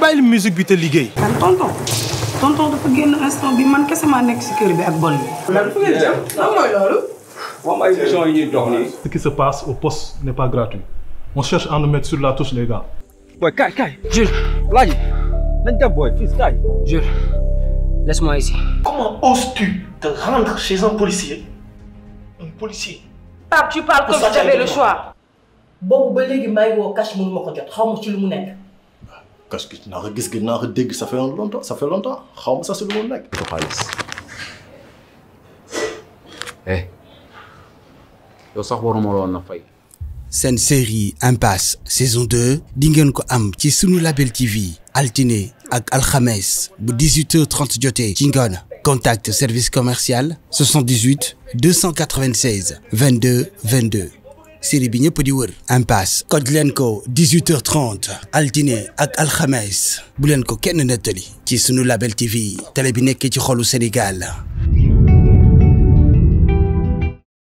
bàyyil musique bi te liggéey. man tonton tonton dafa génn instant bi man kese maa nekk si kër bi ak bol bi. lan fu ngeen jëm lan mooy loolu. moom ay émission yi ñuy dox nii. ce qui se passe au poste n'est pas gratuit on cherche à nous mettre sur la touche les gars. booy kaay kaay. Jules. laaj nañ dem booy fii kaay. Jules laisse-moi ici. comment oses-tu te rendre chez un policier un policier. Pape tu parles comme si tu avais le choix. boobu ba léegi maa ngi woo cash mënu ma ko jot xaw ma ci lu mu nekk. parce que gis gi naa dégg ça fait longtemps ça fait longtemps xaw ma sax nekk. ko xaalis eh yow sax waruma la na fay. seen série Impasse saison 2 di ngeen ko am ci sunu Label TV altine ak alxames bu 18h30 jotee ci ngoon contact service commercial 78 296 22 22. série bi ñëpp di wër impasse koj leen ko 18h30 altine ak alxames bu leen ko kenn nettali ci sunu label TV télé bi nekkee ci xolu Sénégal